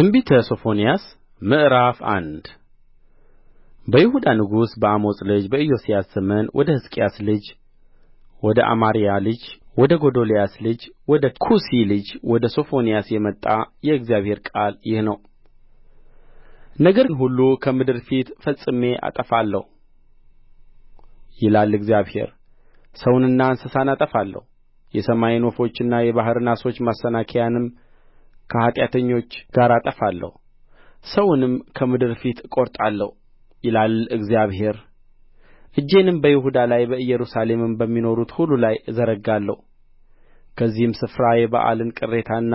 ትንቢተ ሶፎንያስ ምዕራፍ አንድ በይሁዳ ንጉሥ በአሞጽ ልጅ በኢዮስያስ ዘመን ወደ ሕዝቅያስ ልጅ ወደ አማርያ ልጅ ወደ ጎዶልያስ ልጅ ወደ ኩሲ ልጅ ወደ ሶፎንያስ የመጣ የእግዚአብሔር ቃል ይህ ነው። ነገርን ሁሉ ከምድር ፊት ፈጽሜ አጠፋለሁ ይላል እግዚአብሔር። ሰውንና እንስሳን አጠፋለሁ፣ የሰማይን ወፎችና የባሕርን ዓሦች ማሰናከያንም ከኃጢአተኞች ጋር አጠፋለሁ ሰውንም ከምድር ፊት እቈርጣለሁ ይላል እግዚአብሔር እጄንም በይሁዳ ላይ በኢየሩሳሌምም በሚኖሩት ሁሉ ላይ እዘረጋለሁ ከዚህም ስፍራ የበኣልን ቅሬታና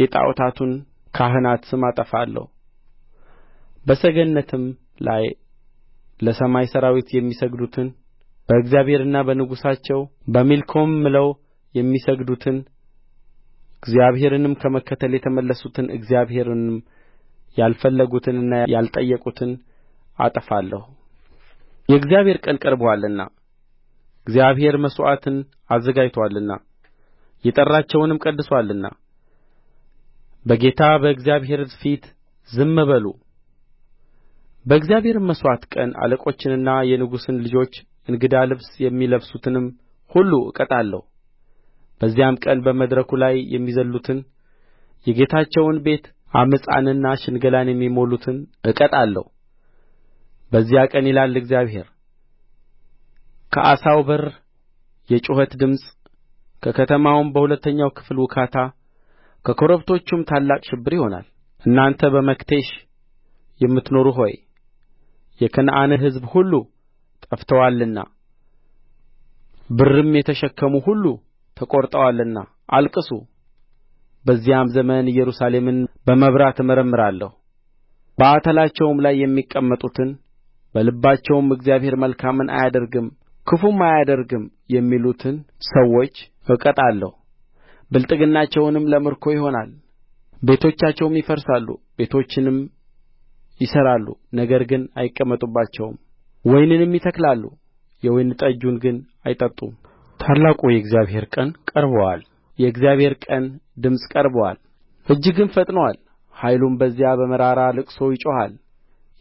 የጣዖታቱን ካህናት ስም አጠፋለሁ በሰገነትም ላይ ለሰማይ ሠራዊት የሚሰግዱትን በእግዚአብሔርና በንጉሣቸው በሚልኮም ምለው የሚሰግዱትን እግዚአብሔርንም ከመከተል የተመለሱትን እግዚአብሔርንም ያልፈለጉትንና ያልጠየቁትን አጠፋለሁ የእግዚአብሔር ቀን ቀርቦአልና እግዚአብሔር መሥዋዕትን አዘጋጅቶአልና የጠራቸውንም ቀድሶአልና በጌታ በእግዚአብሔር ፊት ዝም በሉ በእግዚአብሔርም መሥዋዕት ቀን አለቆችንና የንጉሥን ልጆች እንግዳ ልብስ የሚለብሱትንም ሁሉ እቀጣለሁ በዚያም ቀን በመድረኩ ላይ የሚዘልሉትን የጌታቸውን ቤት ዓመፃንና ሽንገላን የሚሞሉትን እቀጣለሁ በዚያ ቀን ይላል እግዚአብሔር ከዓሣው በር የጩኸት ድምፅ ከከተማውም በሁለተኛው ክፍል ውካታ ከኮረብቶቹም ታላቅ ሽብር ይሆናል እናንተ በመክቴሽ የምትኖሩ ሆይ የከነዓን ሕዝብ ሁሉ ጠፍተዋልና ብርም የተሸከሙ ሁሉ ተቈርጠዋልና አልቅሱ በዚያም ዘመን ኢየሩሳሌምን በመብራት እመረምራለሁ በአተላቸውም ላይ የሚቀመጡትን በልባቸውም እግዚአብሔር መልካምን አያደርግም ክፉም አያደርግም የሚሉትን ሰዎች እቀጣለሁ ብልጥግናቸውም ለምርኮ ይሆናል ቤቶቻቸውም ይፈርሳሉ ቤቶችንም ይሠራሉ ነገር ግን አይቀመጡባቸውም ወይንንም ይተክላሉ የወይን ጠጁን ግን አይጠጡም ታላቁ የእግዚአብሔር ቀን ቀርቦአል የእግዚአብሔር ቀን ድምፅ ቀርቦአል እጅግም ፈጥኖአል ኃይሉም በዚያ በመራራ ልቅሶ ይጮኻል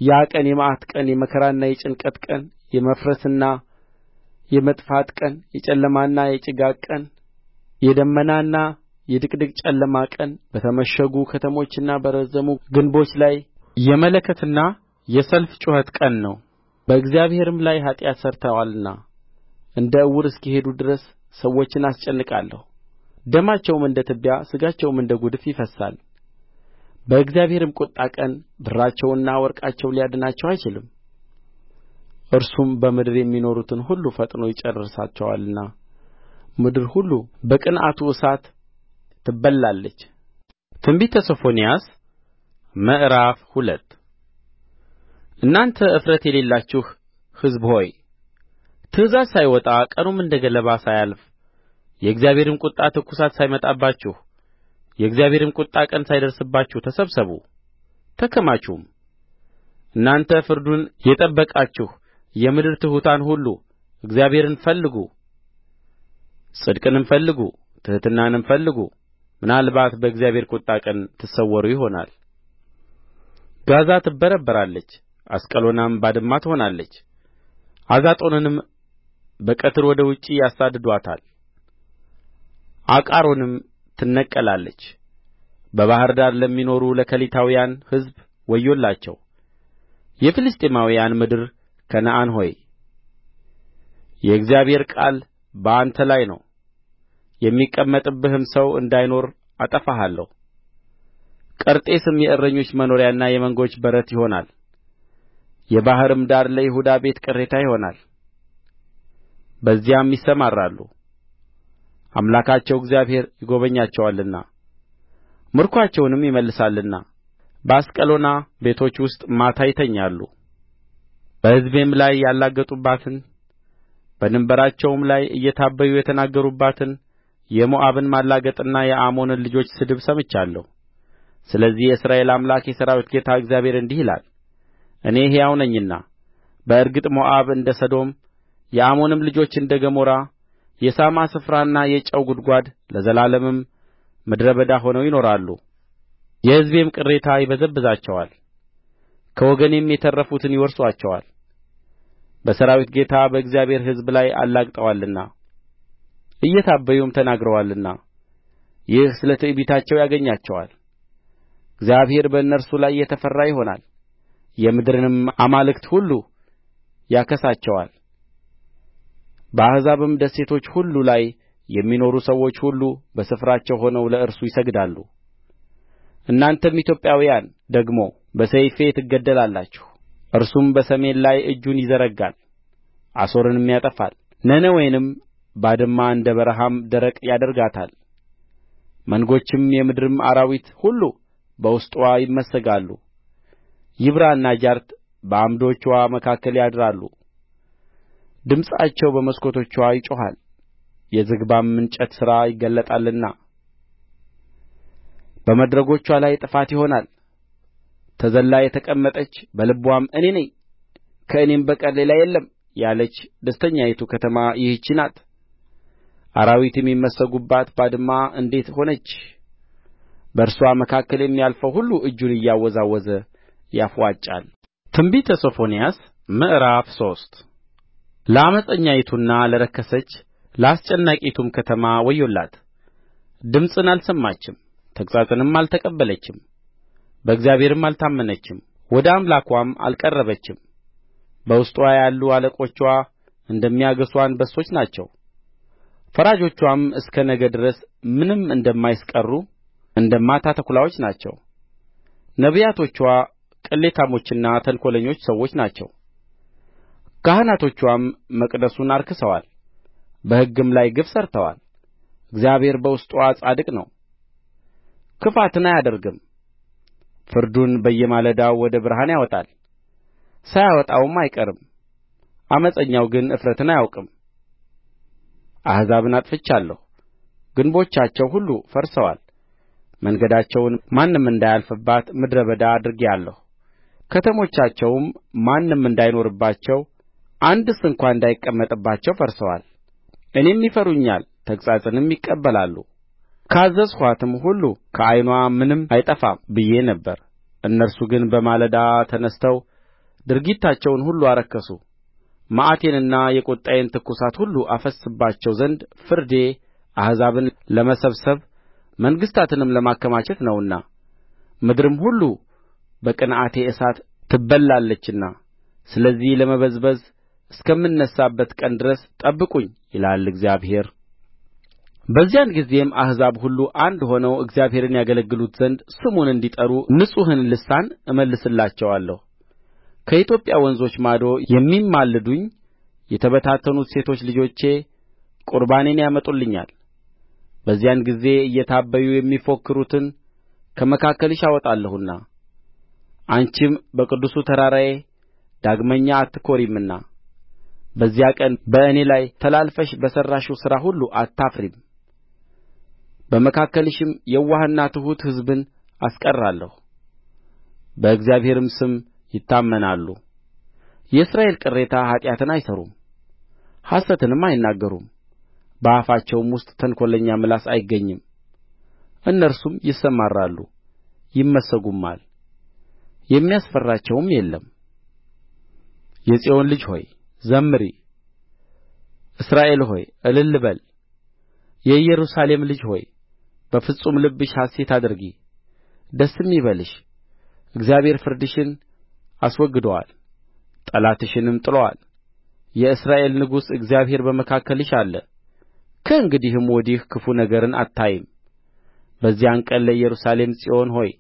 ያ ቀን የመዓት ቀን የመከራና የጭንቀት ቀን የመፍረስና የመጥፋት ቀን የጨለማና የጭጋግ ቀን የደመናና የድቅድቅ ጨለማ ቀን በተመሸጉ ከተሞችና በረዘሙ ግንቦች ላይ የመለከትና የሰልፍ ጩኸት ቀን ነው በእግዚአብሔርም ላይ ኃጢአት ሠርተዋልና እንደ ዕውር እስኪሄዱ ድረስ ሰዎችን አስጨንቃለሁ ደማቸውም እንደ ትቢያ ሥጋቸውም እንደ ጕድፍ ይፈስሳል በእግዚአብሔርም ቍጣ ቀን ብራቸውና ወርቃቸው ሊያድናቸው አይችልም እርሱም በምድር የሚኖሩትን ሁሉ ፈጥኖ ይጨርሳቸዋልና ምድር ሁሉ በቅንዓቱ እሳት ትበላለች ትንቢተ ሶፎንያስ ምዕራፍ ሁለት እናንተ እፍረት የሌላችሁ ሕዝብ ሆይ ትእዛዝ ሳይወጣ ቀኑም እንደ ገለባ ሳያልፍ የእግዚአብሔርም ቍጣ ትኵሳት ሳይመጣባችሁ የእግዚአብሔርም ቍጣ ቀን ሳይደርስባችሁ ተሰብሰቡ ተከማቹም እናንተ ፍርዱን የጠበቃችሁ የምድር ትሑታን ሁሉ እግዚአብሔርን ፈልጉ ጽድቅንም ፈልጉ ትሕትናንም ፈልጉ ምናልባት በእግዚአብሔር ቍጣ ቀን ትሰወሩ ይሆናል ጋዛ ትበረበራለች አስቀሎናም ባድማ ትሆናለች አዛጦንንም በቀትር ወደ ውጭ ያሳድዱአታል አቃሮንም ትነቀላለች በባሕር ዳር ለሚኖሩ ለከሊታውያን ሕዝብ ወዮላቸው የፍልስጥኤማውያን ምድር ከነዓን ሆይ የእግዚአብሔር ቃል በአንተ ላይ ነው የሚቀመጥብህም ሰው እንዳይኖር አጠፋሃለሁ ቀርጤስም የእረኞች መኖሪያና የመንጎች በረት ይሆናል የባሕርም ዳር ለይሁዳ ቤት ቅሬታ ይሆናል በዚያም ይሰማራሉ አምላካቸው እግዚአብሔር ይጐበኛቸዋልና ምርኮአቸውንም ይመልሳልና በአስቀሎና ቤቶች ውስጥ ማታ ይተኛሉ በሕዝቤም ላይ ያላገጡባትን በድንበራቸውም ላይ እየታበዩ የተናገሩባትን የሞዓብን ማላገጥና የአሞንን ልጆች ስድብ ሰምቻለሁ ስለዚህ የእስራኤል አምላክ የሠራዊት ጌታ እግዚአብሔር እንዲህ ይላል እኔ ሕያው ነኝና በእርግጥ ሞዓብ እንደ ሰዶም የአሞንም ልጆች እንደ ገሞራ የሳማ ስፍራና የጨው ጕድጓድ ለዘላለምም ምድረ በዳ ሆነው ይኖራሉ የሕዝቤም ቅሬታ ይበዘብዛቸዋል ከወገኔም የተረፉትን ይወርሱአቸዋል በሠራዊት ጌታ በእግዚአብሔር ሕዝብ ላይ አላግጠዋልና እየታበዩም ተናግረዋልና ይህ ስለ ትዕቢታቸው ያገኛቸዋል እግዚአብሔር በእነርሱ ላይ የተፈራ ይሆናል የምድርንም አማልክት ሁሉ ያከሳቸዋል በአሕዛብም ደሴቶች ሁሉ ላይ የሚኖሩ ሰዎች ሁሉ በስፍራቸው ሆነው ለእርሱ ይሰግዳሉ እናንተም ኢትዮጵያውያን ደግሞ በሰይፌ ትገደላላችሁ እርሱም በሰሜን ላይ እጁን ይዘረጋል አሦርንም ያጠፋል ነነዌንም ባድማ እንደ በረሃም ደረቅ ያደርጋታል መንጎችም የምድርም አራዊት ሁሉ በውስጥዋ ይመሰጋሉ ይብራና ጃርት በዓምዶችዋ መካከል ያድራሉ ድምፃቸው በመስኮቶችዋ ይጮኻል የዝግባም እንጨት ሥራ ይገለጣልና በመድረኮችዋ ላይ ጥፋት ይሆናል ተዘልላ የተቀመጠች በልብዋም እኔ ነኝ ከእኔም በቀር ሌላ የለም ያለች ደስተኛይቱ ከተማ ይህች ናት አራዊት የሚመሰጉባት ባድማ እንዴት ሆነች በእርስዋ መካከል የሚያልፈው ሁሉ እጁን እያወዛወዘ ያፍዋጫል ትንቢተ ሶፎንያስ ምዕራፍ ሶስት ለዓመፀኛይቱና ለረከሰች ለአስጨናቂይቱም ከተማ ወዮላት ድምፅን አልሰማችም ተግሣጽንም አልተቀበለችም በእግዚአብሔርም አልታመነችም ወደ አምላክዋም አልቀረበችም በውስጥዋ ያሉ አለቆችዋ እንደሚያገሡ አንበሶች ናቸው ፈራጆችዋም እስከ ነገ ድረስ ምንም እንደማያስቀሩ እንደ ማታ ተኵላዎች ናቸው ነቢያቶችዋ ቅሌታሞችና ተንኰለኞች ሰዎች ናቸው ካህናቶችዋም መቅደሱን አርክሰዋል በሕግም ላይ ግፍ ሠርተዋል እግዚአብሔር በውስጥዋ ጻድቅ ነው ክፋትን አያደርግም ፍርዱን በየማለዳው ወደ ብርሃን ያወጣል ሳያወጣውም አይቀርም ዓመፀኛው ግን እፍረትን አያውቅም አሕዛብን አጥፍቻለሁ ግንቦቻቸው ሁሉ ፈርሰዋል መንገዳቸውን ማንም እንዳያልፍባት ምድረ በዳ አድርጌአለሁ ከተሞቻቸውም ማንም እንዳይኖርባቸው አንድስ እንኳ እንዳይቀመጥባቸው ፈርሰዋል እኔም ይፈሩኛል ተግሣጽንም ይቀበላሉ ካዘዝኋትም ሁሉ ከዓይንዋ ምንም አይጠፋም ብዬ ነበር እነርሱ ግን በማለዳ ተነሥተው ድርጊታቸውን ሁሉ አረከሱ መዓቴንና የቍጣዬን ትኵሳት ሁሉ አፈስስባቸው ዘንድ ፍርዴ አሕዛብን ለመሰብሰብ መንግሥታትንም ለማከማቸት ነውና ምድርም ሁሉ በቅንዓቴ እሳት ትበላለችና ስለዚህ ለመበዝበዝ እስከምነሣበት ቀን ድረስ ጠብቁኝ ይላል እግዚአብሔር በዚያን ጊዜም አሕዛብ ሁሉ አንድ ሆነው እግዚአብሔርን ያገለግሉት ዘንድ ስሙን እንዲጠሩ ንጹሕን ልሳን እመልስላቸዋለሁ ከኢትዮጵያ ወንዞች ማዶ የሚማልዱኝ የተበታተኑት ሴቶች ልጆቼ ቍርባኔን ያመጡልኛል በዚያን ጊዜ እየታበዩ የሚፎክሩትን ከመካከልሽ አወጣለሁና አንቺም በቅዱሱ ተራራዬ ዳግመኛ አትኰሪምና በዚያ ቀን በእኔ ላይ ተላልፈሽ በሠራሽው ሥራ ሁሉ አታፍሪም በመካከልሽም የዋህና ትሑት ሕዝብን አስቀራለሁ በእግዚአብሔርም ስም ይታመናሉ የእስራኤል ቅሬታ ኃጢአትን አይሠሩም ሐሰትንም አይናገሩም በአፋቸውም ውስጥ ተንኰለኛ ምላስ አይገኝም እነርሱም ይሰማራሉ ይመሰጉማል የሚያስፈራቸውም የለም የጽዮን ልጅ ሆይ ዘምሪ እስራኤል ሆይ እልል በል የኢየሩሳሌም ልጅ ሆይ በፍጹም ልብሽ ሐሤት አድርጊ ደስም ይበልሽ እግዚአብሔር ፍርድሽን አስወግዶአል ጠላትሽንም ጥሎአል የእስራኤል ንጉሥ እግዚአብሔር በመካከልሽ አለ ከእንግዲህም ወዲህ ክፉ ነገርን አታይም በዚያን ቀን ለኢየሩሳሌም ጽዮን ሆይ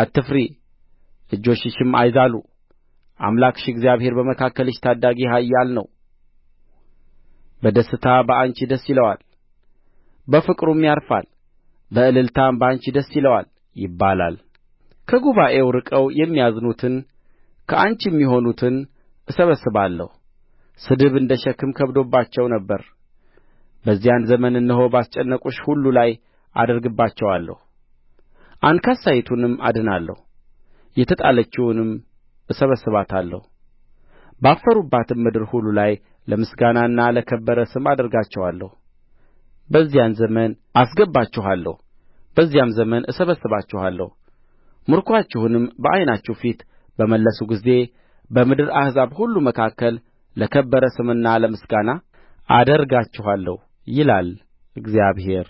አትፍሪ እጆችሽም አይዛሉ አምላክሽ እግዚአብሔር በመካከልሽ ታዳጊ ኃያል ነው በደስታ በአንቺ ደስ ይለዋል በፍቅሩም ያርፋል በእልልታም በአንቺ ደስ ይለዋል ይባላል ከጉባኤው ርቀው የሚያዝኑትን ከአንቺም የሆኑትን እሰበስባለሁ ስድብ እንደ ሸክም ከብዶባቸው ነበር በዚያን ዘመን እነሆ ባስጨነቁሽ ሁሉ ላይ አደርግባቸዋለሁ አንካሳይቱንም አድናለሁ የተጣለችውንም እሰበስባታለሁ ባፈሩባትም ምድር ሁሉ ላይ ለምስጋናና ለከበረ ስም አደርጋቸዋለሁ በዚያን ዘመን አስገባችኋለሁ በዚያም ዘመን እሰበስባችኋለሁ ምርኮአችሁንም በዓይናችሁ ፊት በመለስሁ ጊዜ በምድር አሕዛብ ሁሉ መካከል ለከበረ ስምና ለምስጋና አደርጋችኋለሁ ይላል እግዚአብሔር